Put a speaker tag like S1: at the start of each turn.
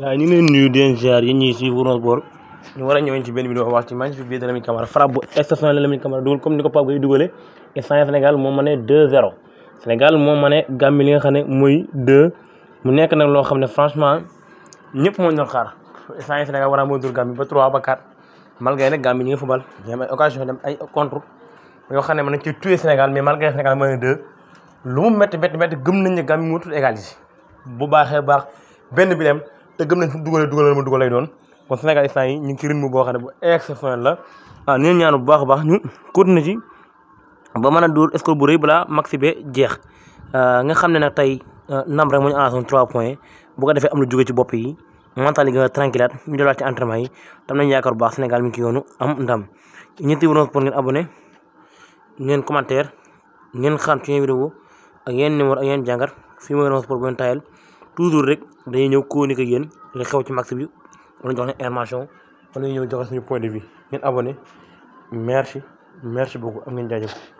S1: gars ñu ngi leen nuyu di leen ziar yéen ñii suivre ñu war a ñëwañ ci benn vidéo wax ci match bi de Lamine Camara frappe bu exceptionnel la Lamine Camara dugal comme ni ko Pape Gueye dugalee instant Sénégal moo ma ne Sénégal moo ma ne Gambie li nga xam ne mooy 2 mu nekk nag loo xam ne franchement ñëpp moo ñu doon xaar instant Sénégal war a moo dóor ba 3 ba 4 malgré nag Gambie ñu ngi fubal ñu am ay occasion dem ay contre yoo xam ne mën nañ ci tuer Sénégal mais malgré Sénégal mooy 2 lu mu métti métti métti gëm nañ ne Gambie mu wutul égaliser bu baaxee baax benn bi te gëm nañ fu duggalé duggalé mo duggalé doon kon Sénégal instant yi ñu ci rythme boo xam ne bu exceptionnel la ah ñeen ñaanu bu baax baax ñu continuer ci ba mëna door dóor score bu reuy bla maxi bé jeex euh nga xamné nak tay ah, nam rek mu ñu avancer 3 points bu ko défé am lu jóge ci bop yi mental yi gën a tranquillate ñu dolat ci entraînement yi tam nañ yaakar bu baax Sénégal mi ngi yoonu am ndam ñetti wono pour ngeen abonné ngeen commentaire ngeen xam ci yeneen vidéo ak yeen numéro ak yeen jangar fi mo wono pour bu ñu tayal toujours rek dañuy ñëw communiquer yéen li xew ci max bi wala jox leen information wala ñëw joxe suñu point de vue ngeen abonné
S2: merci merci beaucoup am ngeen jaajëf